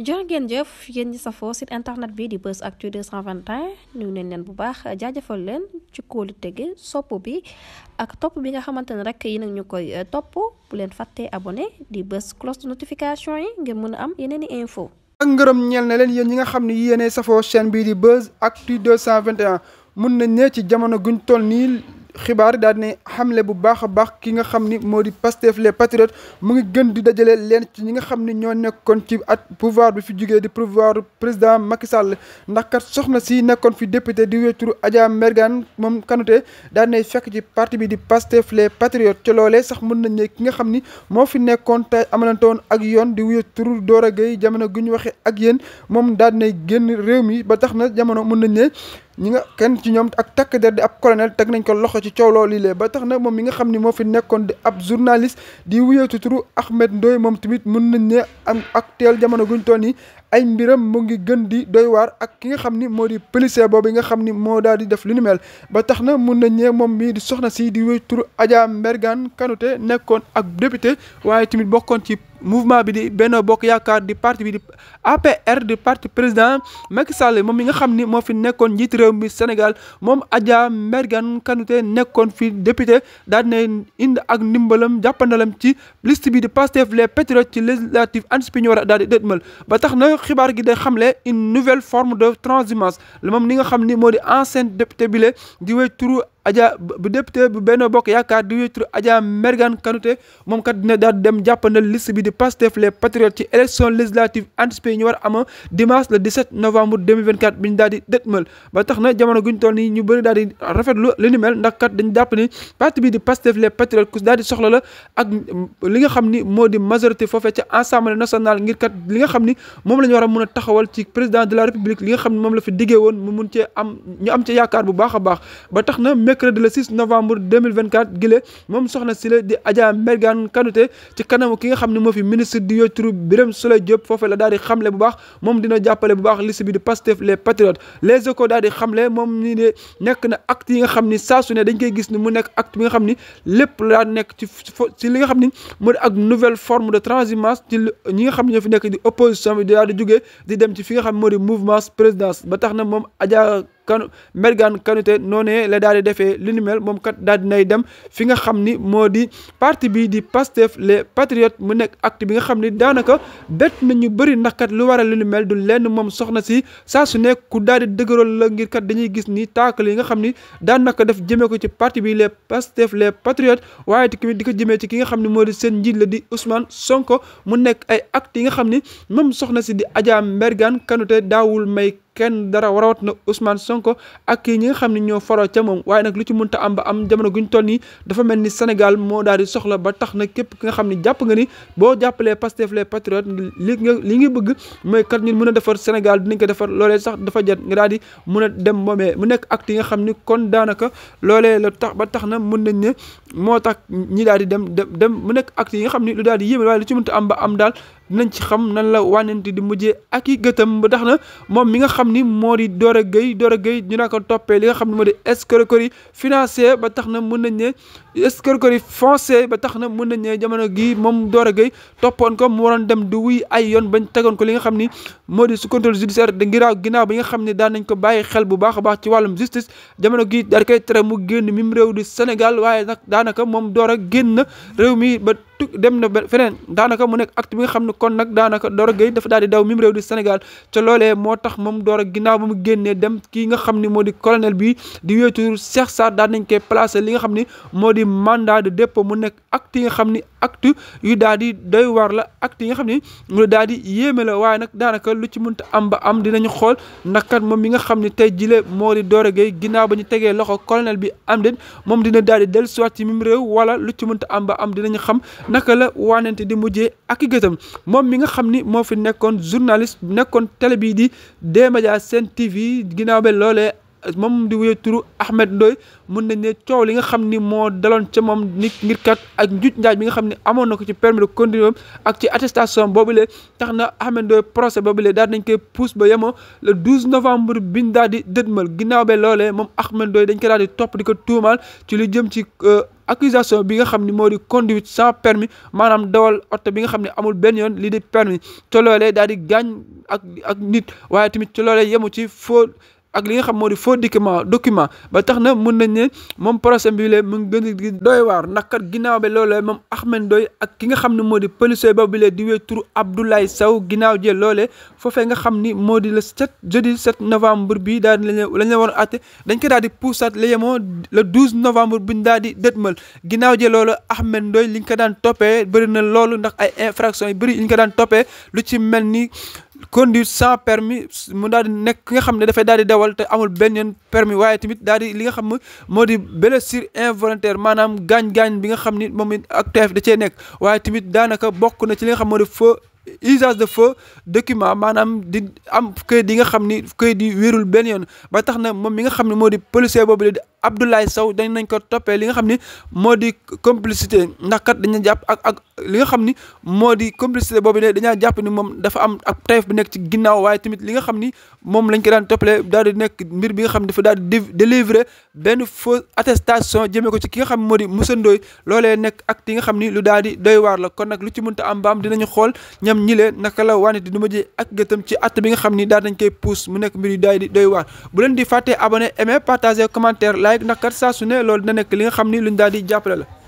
jërë ngeen jëf yéen ñi safoo site internet bi di Buzz Actu 221 ñu neen bu baax jaajëfal leen ci kóolu tege sopp bi ak topp bi nga xamante ne rek yi nag ñu koy eh, topp bu leen fàttee abone di bës cloche de notification yi ngeen mën a am yeneen i info ak ngërëm ñeel na leen yéen ñi nga xam ne yéenee safoo chaîne bii di Buzz Actu 221 mun nañ ne ci jamono guñ toll nii xibaar daal ne xamle bu baax a baax ki nga xam ni moo di Pastef les patriotes mu ngi gën di dajale leen ci ñi nga xam ni ñoo nekkoon ci at pouvoir bi fi jugee di pouvoir président Macky sàll ndax kat soxna si nekkoon fi député di wéeturu Adja Mergane moom Kanouté daal ne fekk ci parti bi di Pastef les patriotes ci loolee sax mën nañ ne ki nga xam ni moo fi nekkoon tey amalantoon ak yoon di wéeturu Dora Gueye jamono gu ñu waxee ak yéen moom daal ne génn réew mi ba tax na jamono mën nañ ne ñi nga kenn ci ñoom ak takk der di ab colonel teg nañ ko loxo ci coow loolu lii ba tax na moom mi nga xam ni moo fi nekkoon di ab journaliste di wuyeetu turu Ahmed Ndoye moom tamit mën nañ ne am actuel jamono guñ toll nii ay mbiram mu ngi gën di doy waar ak ki nga xam ni moo di policier boobu nga xam ni moo daal di def lu ni mel ba tax na mun nañ ne moom mii di soxna si di wuyeetu turu Adja Mbergane nekkoon ak député waaye tamit bokkoon ci mouvement bi di Benno Bokk Yaakaar di parti bi di APR président Macky Sall moom mi nga xam ni moo fi nekkoon njiit réew mi Sénégal moom Adja Mergane Kanouté nekkoon fi député daal ne indi ak ndimbalam jàppandalam ci liste bi di Pastef les patriotes ci législative anticiper ñu war a daal di dëtmal tax na xibaar gi day xamle une nouvelle forme de transhumance moom ni nga xam ni moo di ancien député bi di wéy turu Adja bu député bu Benno Bokk Yaakaar di wéetru Adja Mergane Kanouté moom kat dina daal dem jàppandal liste bi di Pastef les patriotes ci élection législative anticipée yi war ama dimanche le 17 novembre 2024 bi ñu daal di dëtmal ba tax na jamono guñ toll ñu bëri daal di rafetlu li ni mel ndax kat dañu jàpp ni bi di Pastef les patriotes ku daal di ak li nga xam ni moo di majorité foofee ca Assemblée national ngir kat li nga xam ni moom la war a mën a taxawal ci président de la république li nga xam ni moom la fi diggee woon mu mun am ñu am bu baax a baax mercredi le 6 novembre 2024 gile moom soxna si la di Adja Mergane Kanouté ci kanamu ki nga xam ne moo fi ministre di yo turu Birame Souleye Diop foofee la daal bu baax moom dina jàppale bu baax liste bi di Pastef les patriotes les échos daal di xamle moom ni ne nekk na acte yi xam ni saa ne dañ koy gis ni mu nekk acte bi nga xam ni lépp la nekk ci ci li nga xam ni moo di ak nouvelle forme de transhumance ci ñi nga xam ne ñoo fi nekk di opposition bi daal di jógee di dem ci nga xam moo di mouvement présidence ba tax na moom kanu Mergan Kanouté noonee la daal di defee li moom kat daal di nay dem fi nga xam ni moo di parti bii di Pastef les patriotes mu nekk acte bi nga xam ni daanaka bett na ñu bëri ndax lu waral li ni du lenn moom soxna si saa su nekk ku dëgëral la ngir dañuy gis ni taakal yi nga xam ni daanaka daf jëmee ko ci parti bi les Pastef les patriotes waaye tamit di ko jëmee ci ki nga xam ni moo di seen njiit la di Ousmane Sonko mu nekk ay ak yi nga xam ni moom soxna si di Adja Mergan Kanouté daawul may kenn dara warawat na Ousmane Sonko ak ñi nga xam ne ñoo faroo ca moom waaye nag lu ci mënta am ba am jamono guñ nii dafa mel ni Sénégal moo daal di soxla ba tax na képp ki nga xam ne jàpp nga ni boo jàppalee Pastef les patriotes li nga li nga bëgg mooy kat ñun mën a defar Sénégal dinañ ko defar loolee sax dafa jot nga daal di mën dem moomee mu nekk acte yi nga xam ni kon daanaka loolee la tax ba tax na mën nañ ne moo tax ñi daal di dem dem dem mu nekk acte yi nga xam ni lu daal di yéeme waaye lu ci mënta am ba am daal nañ ci xam nan la wànnante di mujjee ak i gëtam ba tax na moom mi nga xam ni moo di door a géey door Dora Gueye ñu na ko toppee li nga xam ne moo di escroquerie financière ba tax na mën nañ ne escroquerie foncière ba tax na mën nañ ne jamono gii moom Dora Gueye toppoon ko mu waroon dem du wuy ay yoon bañ tegoon ko li nga xam ni moo di sous contrôle judiciaire de ngiraaw bi nga xam ne daan nañ ko bàyyi xel bu baax a baax ci wàllum justice jamono gii daal koy tere mu génn mim réew di Sénégal waaye nag daanaka moom door a génn réew mi ba dem na feneen daanaka mu nekk acte bi nga xam ne kon nag daanaka Doro Gueye dafa daal di daw mim réew di Sénégal ca loolee moo tax moom Doro ginnaaw ba mu génnee dem nga xam ni moo di colonel bi di wéetu Cheikh Sarr nañ koy placé li nga xam ni moo di mandat de mu nekk acte yi nga xam ni acte yu daal di doy war la acte yi nga xam ni mu daal di yéeme la waaye nag daanaka lu ci mënta am ba am dinañu xool kat moom mi nga xam ni tey jile moo di Doro Gueye ginnaaw ba ñu tegee loxo colonel bi am den moom dina daal di dellusiwaat ci mim réew wala lu ci mënta am ba am dina ñu xam naka la waanante di mujje ak moom mi nga xam ni moo fi nekkoon journaliste nekkoon télé bii di D-Media Sen TV ginnaaw ba loolee moom di wuyee turu Ahmed Ndoye mën nañ ne coow li nga xam ni moo daloon ca moom nit ngir kat ak njuuj njaaj bi nga xam ne amoon na ko ci permis de conduire ak ci attestation boobu boobulee tax na Ahmed Ndoye boobu le daal nañ koy pousse ba yemoo le douze novembre biñ daal di mal ginnaaw be loole moom Ahmed Ndoye dañ ko daal di topp di ko tuumaal ci lu jëm ci euh, accusation bi nga xam ni moo di conduite sans permis maanam dawal oto bi nga xam ne amul benn yoon lii di permis ca loolee daal di gaañ ak ak nit waaye tamit ca loolee yemu ci faux ak li nga xam moo di foo document document ba tax na mun nañ ne moom procès bi lee mu ngi gën di dooy waar ndax kat ginnaaw bi loolee moom Ahmed Ndoye ak ki nga xam ne moo di policier bi lee di wee turu Abdoulaye Sow ginnaaw jël loole foofee nga xam ni moo di le 7 jeudi 7 novembre bi daal di lañ la waroon àtte dañ ko daal di puusaat la yemoo le 12 novembre biñ daal di dëtmal ginnaaw jël loolu Ahmed Ndoye li ñu ko daan toppee bëri na loolu ndax ay infractions yu bëri yi ñu ko daan toppee lu ci mel ni conduite sans permis mu daal di nekk ki nga xam ne dafay daal di dawal te amul benn yoon permis waaye tamit daal di li nga xam moo di blessure involontaire maanaam gaañ-gaañ bi nga xam ni moom it ak teef da cee nekk waaye tamit daanaka bokk na ci li xam moo di feu usage de faux document maanaam di am këyit yi nga xam ni këyit yi wérul benn yoon ba tax na moom mi nga xam ne moo di policier boobu di Abdoulaye Sow dañ nañ ko toppee li nga xam ni moo di complicité ndax kat jàpp ak ak li nga xam ni moo di complicité boobu de dañaa jàpp ni moom dafa am ak tayef bi nekk ci ginnaaw waaye tamit li nga xam ni moom lañ ko daan toppalee daal di nekk mbir bi nga xam ne dafa daal di délivrer benn fausse attestation jëmee ko ci ki nga xam moo di Moussa Ndoye loolee nekk ak yi nga xam ni lu daal di doy waar la kon nag lu ci mënta am mbaam dinañu xool am ñi leen naka la wànnit du ma ak gëtam ci at bi nga xam ni daal dañ koy pousse mu nekk mbir yu daay di doy waar bu leen di fàttee abonné aimé partager commentaire like ndax kat saa su ne loolu dina nekk li nga xam ni luñ daal di jàppale la